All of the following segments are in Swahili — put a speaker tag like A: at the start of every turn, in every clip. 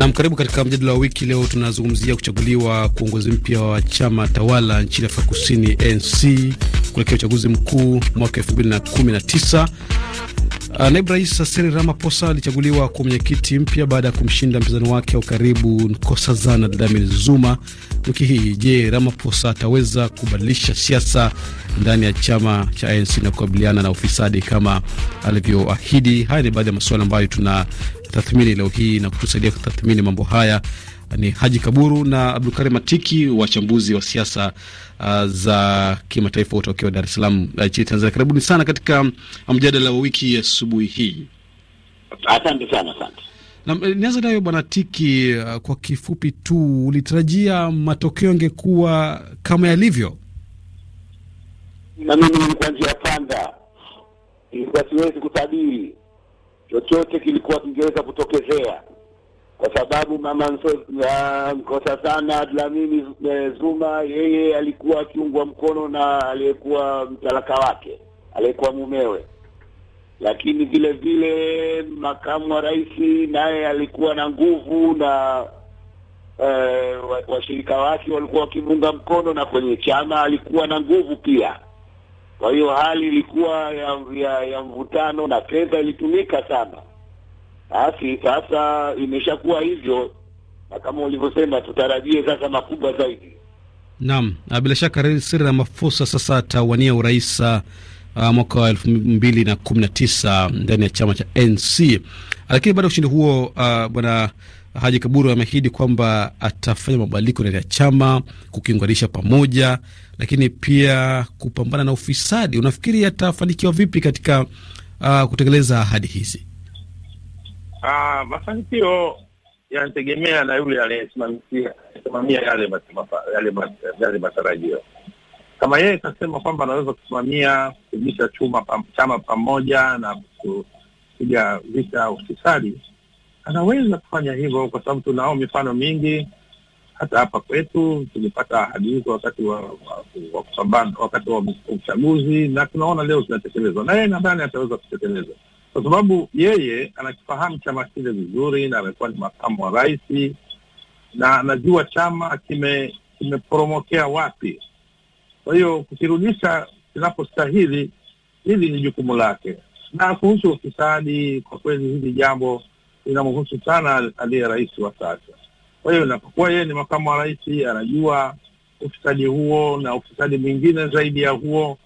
A: Nam, karibu katika mjadala wa wiki. Leo tunazungumzia kuchaguliwa kuongozi mpya wa chama tawala nchini Afrika Kusini, ANC, kuelekea uchaguzi mkuu mwaka 2019. Ah, naibu Rais Cyril Ramaphosa alichaguliwa kwa mwenyekiti mpya baada ya kumshinda mpinzani wake wa karibu Nkosazana Dlamini Zuma wiki hii. Je, Ramaphosa ataweza kubadilisha siasa ndani ya chama cha ANC na kukabiliana na ufisadi kama alivyoahidi? Haya ni baadhi ya masuala ambayo tuna tathmini leo hii, na kutusaidia kutathmini mambo haya ni Haji Kaburu na Abdulkarim Matiki, wachambuzi wa siasa uh, za kimataifa wote wakiwa Dar es Salaam uh, nchini Tanzania. Karibuni sana katika uh, mjadala wa wiki ya asubuhi hii. Asante sana. Asante. Eh, Nianza nayo Bwana Tiki, uh, kwa kifupi tu, ulitarajia matokeo yangekuwa kama yalivyo?
B: Na mimi nilikuwa panda, siwezi kutabiri chochote kilikuwa kingeweza kutokezea, kwa sababu mama mkosa sana Dlamini eh, Zuma yeye alikuwa akiungwa mkono na aliyekuwa mtalaka wake aliyekuwa mumewe, lakini vile vile makamu wa rais naye alikuwa na nguvu na eh, washirika wake walikuwa wakimunga mkono, na kwenye chama alikuwa na nguvu pia. Kwa hiyo hali ilikuwa ya, ya, ya mvutano na fedha ilitumika sana. Basi sasa imeshakuwa hivyo, na kama ulivyosema, tutarajie sasa makubwa zaidi.
A: Naam, bila shaka Cyril Ramaphosa sasa atawania urais Uh, mwaka wa elfu mbili na kumi na tisa ndani ya chama cha NC, lakini baada ya ushindi huo uh, bwana Haji Kaburu ameahidi kwamba atafanya mabadiliko ndani ya chama kukiunganisha pamoja, lakini pia kupambana na ufisadi. Unafikiri atafanikiwa vipi katika uh, kutekeleza ahadi hizi?
C: Ah, mafanikio yanategemea na yule aliyesimamia yale matarajio. Kama yeye kasema kwamba anaweza kusimamia kurudisha chama pamoja na kupiga vita ufisadi anaweza kufanya hivyo, kwa sababu tunao mifano mingi hata hapa kwetu tulipata ahadi hizo wakati wa, wa, wa kupambana wakati wa uchaguzi, na tunaona leo zinatekelezwa, na yeye nadhani ataweza kutekeleza kwa sababu yeye anakifahamu chama kile vizuri, na amekuwa ni makamu wa rais na anajua chama kime wapi. Kwa hiyo kukirudisha kinapostahili, hili ni jukumu lake. Na kuhusu ufisadi, kwa kweli hili jambo inamhusu sana aliye rais wa sasa. Kwa hiyo inapokuwa yeye ni makamu wa rais, anajua ufisadi huo na ufisadi mwingine zaidi ya huo,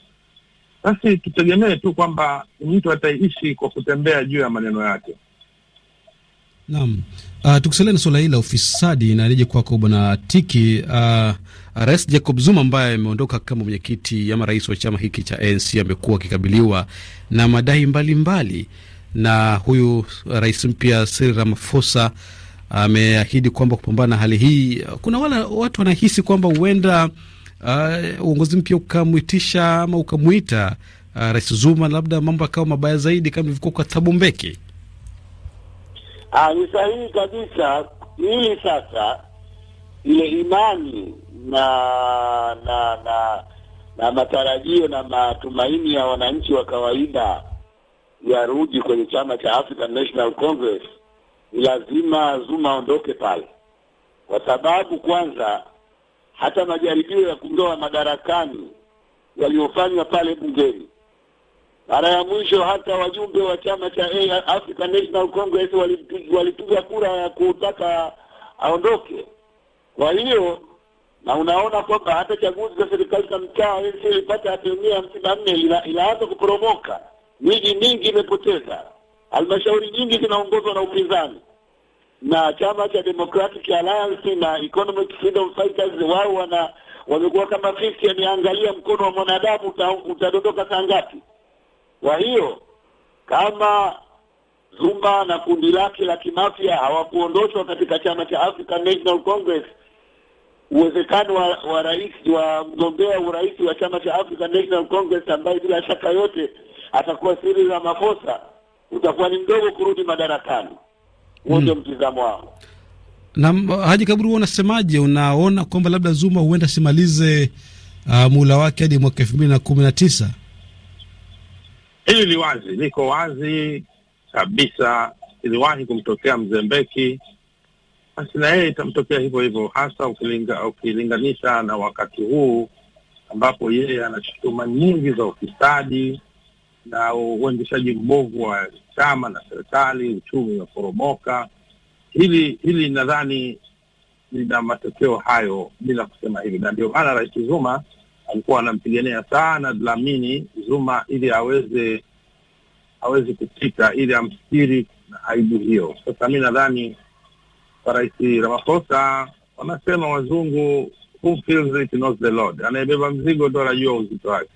C: basi tutegemee tu kwamba mtu ataishi kwa kutembea juu ya
A: maneno yake. Naam. Uh, tukisalia na suala hili la ufisadi na rejea kwako bwana Tiki. Uh, Rais Jacob Zuma ambaye ameondoka kama mwenyekiti ama rais wa chama hiki cha ANC amekuwa akikabiliwa na madai mbalimbali mbali na huyu uh, rais mpya Cyril Ramaphosa ameahidi kwamba kupambana na hali hii. Uh, kuna wale watu wanahisi kwamba huenda uh, uongozi uh, mpya ukamwitisha ama ukamwita uh, rais Zuma, labda mambo yakawa mabaya zaidi kama ilivyokuwa kwa Thabo Mbeki.
B: Ah, ni sahihi kabisa hili. Sasa ile imani na na na, na matarajio na matumaini ya wananchi wa kawaida yarudi kwenye chama cha African National Congress, ni lazima Zuma aondoke pale, kwa sababu kwanza hata majaribio ya kundoa madarakani yaliyofanywa pale bungeni mara ya mwisho, hata wajumbe wa chama cha African National Congress walipiga kura ya kutaka aondoke. Kwa hiyo na unaona kwamba hata chaguzi za serikali za mtaa ilipata asilimia hamsini na nne, inaanza kuporomoka miji mingi imepoteza, halmashauri nyingi zinaongozwa na upinzani, na chama cha Democratic Alliance na Economic Freedom Fighters wao wana wamekuwa kama fisi yaniangalia mkono wa mwanadamu utadondoka saa ngapi. Kwa hiyo kama Zuma na kundi lake la kimafia hawakuondoshwa katika chama cha African National Congress, uwezekano wa, wa rais wa mgombea urais wa chama cha African National Congress ambaye bila shaka yote atakuwa siri za makosa, utakuwa ni mdogo kurudi madarakani. Huo ndio mm, mtizamo wangu.
A: Na Haji Kaburu, wewe unasemaje? Unaona kwamba labda Zuma huenda simalize uh, muhula wake hadi mwaka elfu mbili na kumi na tisa?
C: Hili ni wazi, liko wazi kabisa. Iliwahi kumtokea Mzembeki, basi na yeye itamtokea hivyo hivyo, hasa ukilinga, ukilinganisha na wakati huu ambapo yeye ana shutuma nyingi za ufisadi na uendeshaji mbovu wa chama na serikali, uchumi umeporomoka. Hili hili nadhani lina matokeo hayo, bila kusema hivyo, na ndio maana Rais Zuma alikuwa anampigania sana Dlamini Zuma ili aweze aweze kupita, ili amstiri na aibu hiyo. Sasa mi nadhani kwa Rais Ramaphosa wanasema wazungu, who feels it knows the anayebeba mzigo ndo anajua uzito wake.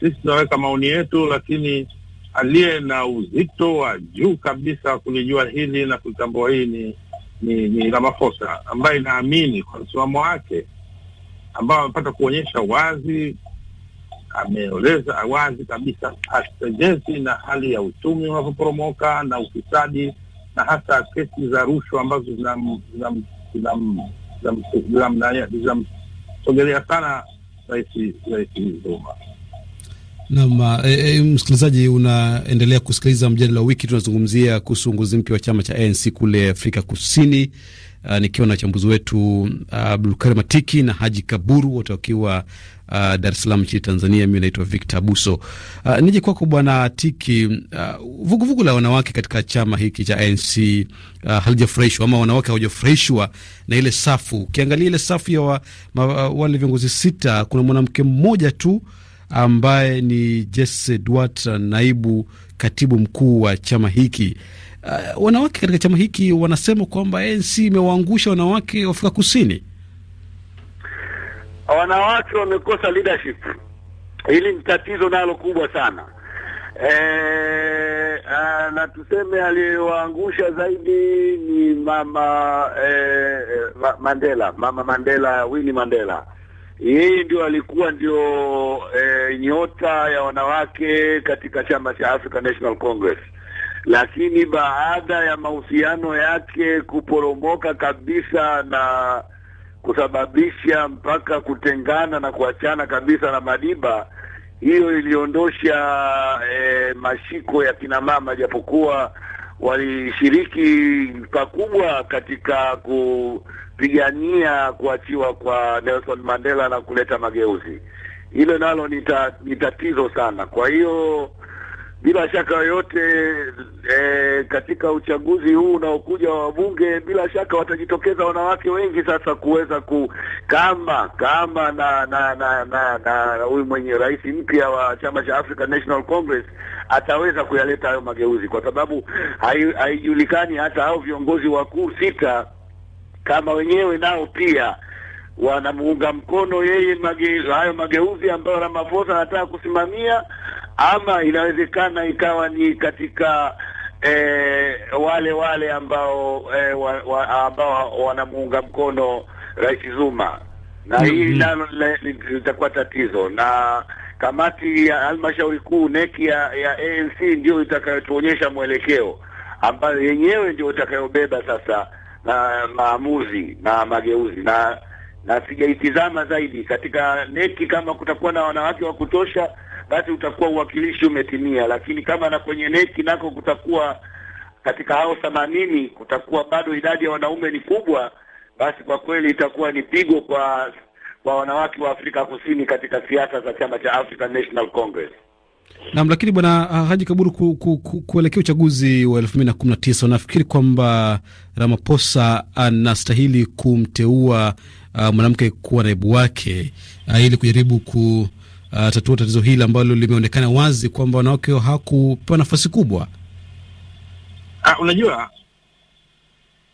C: Sisi tunaweka maoni yetu, lakini aliye na uzito wa juu kabisa kulijua hili na kulitambua hii ni ni, ni Ramaphosa ambaye inaamini kwa msimamo wake ambao amepata kuonyesha wazi, ameeleza wazi kabisa hastejezi na hali ya uchumi unavyoporomoka na ufisadi na hasa kesi za rushwa ambazo zinamsogelea sana Rais Zuma.
A: Naam, e, e, msikilizaji unaendelea kusikiliza mjadala wa wiki. Tunazungumzia kuhusu uongozi mpya wa chama cha ANC kule Afrika Kusini, uh, nikiwa na wachambuzi wetu uh, Abdulkarim Matiki na Haji Kaburu, wote wakiwa uh, Dar es Salaam nchini Tanzania. Mimi naitwa Victor Buso. Uh, nije kwako Bwana Tiki, vuguvugu uh, vugu la wanawake katika chama hiki cha ANC uh, halijafurahishwa ama wanawake hawajafurahishwa na ile safu. Ukiangalia ile safu ya wa, ma, wale viongozi sita, kuna mwanamke mmoja tu ambaye ni Jesse Duart, naibu katibu mkuu wa chama hiki. Uh, wanawake katika chama hiki wanasema kwamba ANC imewaangusha wanawake wa Afrika Kusini,
B: wanawake wamekosa leadership. Hili ni tatizo nalo kubwa sana e, eh, a, eh, na tuseme aliyewaangusha zaidi ni mama e, ma, Mandela, mama Mandela, Winnie Mandela yeye ndio alikuwa ndio e, nyota ya wanawake katika chama cha African National Congress, lakini baada ya mahusiano yake kuporomoka kabisa na kusababisha mpaka kutengana na kuachana kabisa na Madiba, hiyo iliondosha e, mashiko ya kinamama, japokuwa walishiriki pakubwa katika kupigania kuachiwa kwa Nelson Mandela na kuleta mageuzi. Hilo nalo ni tatizo sana. Kwa hiyo bila shaka yoyote e, katika uchaguzi huu unaokuja wa wabunge, bila shaka watajitokeza wanawake wengi sasa kuweza ku kama kama na na na na, na huyu mwenye rais mpya wa chama cha African National Congress ataweza kuyaleta hayo mageuzi, kwa sababu haijulikani hata hao viongozi wakuu sita kama wenyewe nao pia wanamuunga mkono yeye mage, hayo mageuzi ambayo Ramaphosa anataka kusimamia ama inawezekana ikawa ni katika e, wale wale ambao e, wa, wa, ambao wanamuunga mkono Rais Zuma na mm -hmm. Hili nalo litakuwa tatizo na kamati ya halmashauri kuu neki ya, ya ANC ndio itakayotuonyesha mwelekeo ambayo yenyewe ndio itakayobeba sasa na maamuzi na mageuzi na na sijaitizama zaidi katika neki kama kutakuwa na wanawake wa kutosha basi utakuwa uwakilishi umetimia, lakini kama na kwenye neti nako kutakuwa katika hao themanini kutakuwa bado idadi ya wanaume ni kubwa, basi kwa kweli itakuwa ni pigo kwa kwa wanawake wa Afrika Kusini katika siasa za chama cha African National Congress.
A: Naam, lakini bwana ah, Haji Kaburu, ku, ku, ku, kuelekea uchaguzi wa elfu mbili na kumi na tisa unafikiri kwamba Ramaphosa anastahili kumteua uh, mwanamke kuwa naibu wake uh, ili kujaribu ku atatua uh, tatizo hili ambalo limeonekana wazi kwamba wanawake hawakupewa nafasi kubwa?
C: Uh, unajua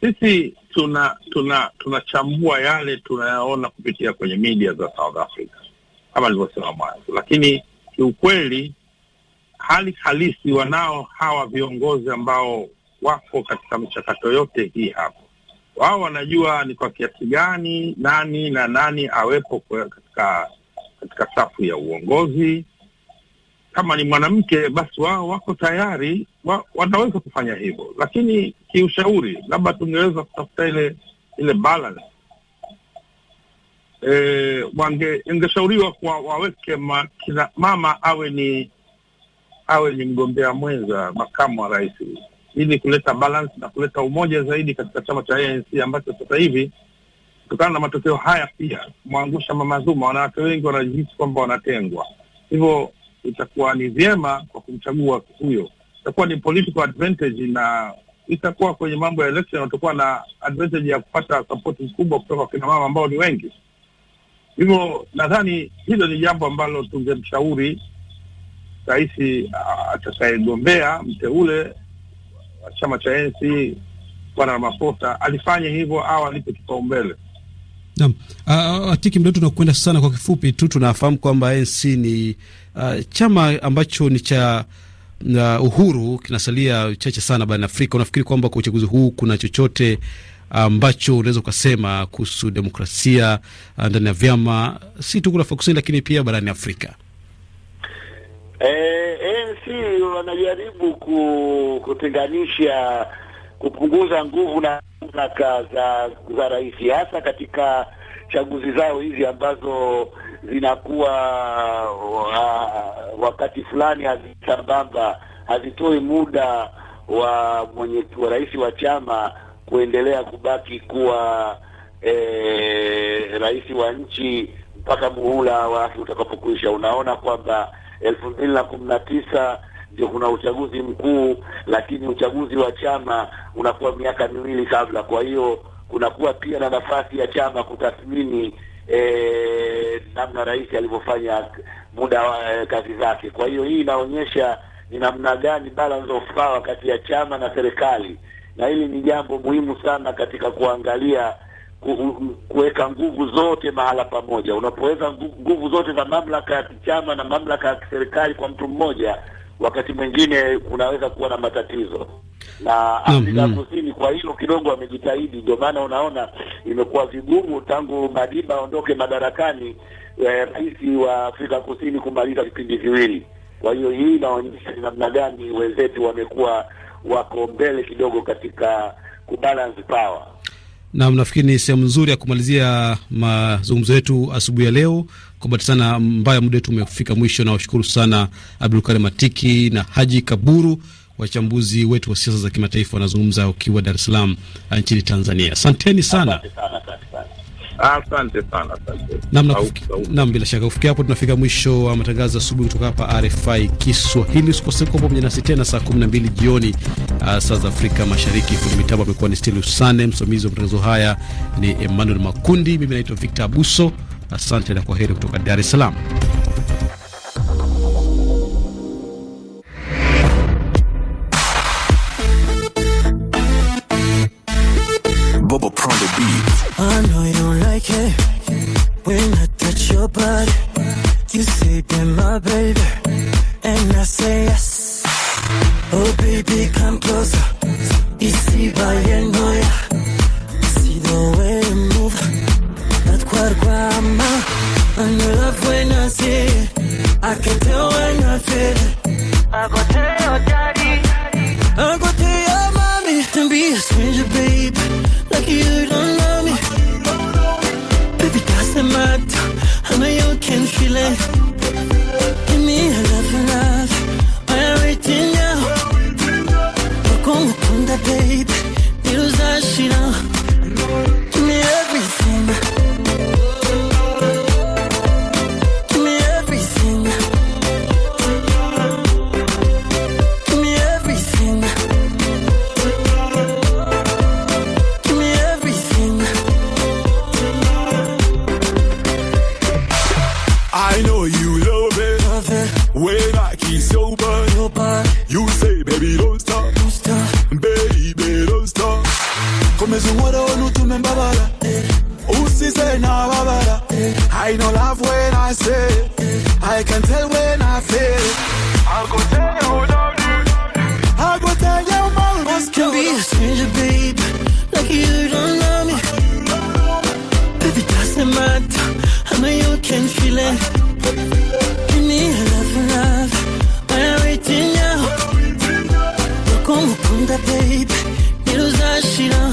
C: sisi tuna tunachambua yale tunayaona kupitia kwenye media za South Africa kama nilivyosema mwanzo, lakini kiukweli hali halisi wanao hawa viongozi ambao wako katika mchakato yote hii hapo, wao wanajua ni kwa kiasi gani nani na nani awepo katika katika safu ya uongozi. Kama ni mwanamke, basi wao wako tayari wa, wanaweza kufanya hivyo, lakini kiushauri, labda tungeweza kutafuta ile ile balance e, wange ingeshauriwa kwa waweke ma, kina mama awe ni awe ni mgombea mwenza makamu wa rais, ili kuleta balance na kuleta umoja zaidi katika chama cha ANC ambacho sasa hivi Kutokana na matokeo haya pia kumwangusha Mama Zuma, wanawake wengi wanajihisi kwamba wanatengwa, hivyo itakuwa ni vyema kwa kumchagua huyo, itakuwa ni political advantage na itakuwa kwenye mambo ya election, watakuwa na advantage ya kupata sapoti mkubwa kutoka kwa kina mama ambao ni wengi. Hivyo nadhani hilo ni jambo ambalo tungemshauri rais atakayegombea mteule wa chama cha ANC Bwana Ramaphosa alifanye hivyo au alipe kipaumbele.
A: Naam, uh, Atiki Mdoto, tunakwenda sana. Kwa kifupi tu, tunafahamu kwamba ANC ni uh, chama ambacho ni cha uh, uhuru, kinasalia chache sana barani Afrika. Unafikiri kwamba kwa uchaguzi huu kuna chochote ambacho uh, unaweza ukasema kuhusu demokrasia uh, ndani ya vyama si tu kule Afrika Kusini, lakini pia barani Afrika?
B: Eh, ANC wanajaribu ku, kutenganisha kupunguza nguvu na mamlaka za, za rais hasa katika chaguzi zao hizi ambazo zinakuwa wa, wakati fulani hazisambamba, hazitoi muda wa mwenye wa rais wa chama kuendelea kubaki kuwa e, rais wa nchi mpaka muhula wake utakapokuisha. Unaona kwamba elfu mbili na kumi na tisa ndio kuna uchaguzi mkuu, lakini uchaguzi wa chama unakuwa miaka miwili kabla. Kwa hiyo kunakuwa pia na nafasi ya chama kutathmini eh, namna rais alivyofanya muda wa eh, kazi zake. Kwa hiyo hii inaonyesha ni namna gani balance of power kati ya chama na serikali, na hili ni jambo muhimu sana katika kuangalia kuweka nguvu zote mahala pamoja. Unapoweka nguvu zote za mamlaka ya chama na mamlaka ya serikali kwa mtu mmoja, wakati mwingine unaweza kuwa na matatizo na
D: Afrika mm,
B: Kusini kwa hilo kidogo wamejitahidi. Ndio maana unaona imekuwa vigumu tangu Madiba aondoke madarakani, eh, rais wa Afrika Kusini kumaliza vipindi viwili. Kwa hiyo hii inaonyesha ni namna gani wenzetu wamekuwa wako mbele kidogo katika kubalance power.
A: Naam, nafikiri ni sehemu nzuri ya kumalizia mazungumzo yetu asubuhi ya leo. Kwa bahati sana mbaya, muda wetu umefika mwisho. Nawashukuru sana Abdul Karim Matiki na Haji Kaburu, wachambuzi wetu wa siasa za kimataifa, wanazungumza ukiwa Dar es Salaam ah, nchini Tanzania. Asanteni sana.
C: Asante sana, asante. Naam,
A: naam, bila shaka kufikia hapo tunafika mwisho wa matangazo ya asubuhi kutoka hapa RFI Kiswahili. Usikose kuwa pamoja nasi tena saa 12 jioni uh, saa za Afrika Mashariki. Fundi mitambo amekuwa ni Stelius Sane, msimamizi wa matangazo haya ni Emmanuel Makundi, mimi naitwa Victor Abuso. Asante na kwa heri kutoka Dar es Salaam.
D: love when I see it. I can tell when I feel it. I go tell your daddy. I go tell your mommy. And be a stranger, baby. Like you don't know me. Baby, doesn't matter. I know you can feel it. Give me a love and love. I'm waiting now. Go on, babe. News I see now. when I say I can tell when I feel I go tell you without you I go tell you my love Can be a stranger, babe Like you don't know me Baby, doesn't matter I know you can feel it You need a love, love Why are we waiting now? Look on the babe Niluza shira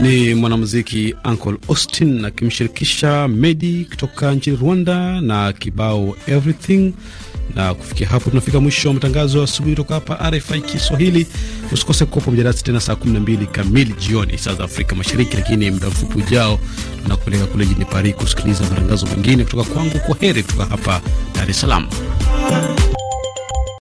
A: Ni mwanamuziki Uncle Austin akimshirikisha Medi kutoka nchini Rwanda na kibao Everything. Na kufikia hapo, tunafika mwisho wa matangazo ya asubuhi kutoka hapa RFI Kiswahili. Usikose pamoja nasi tena saa 12 kamili jioni, saa za Afrika Mashariki. Lakini muda mfupi ujao, tunakupeleka kule jijini Paris kusikiliza matangazo mengine kutoka kwangu. Kwa heri kutoka hapa Dar es Salaam.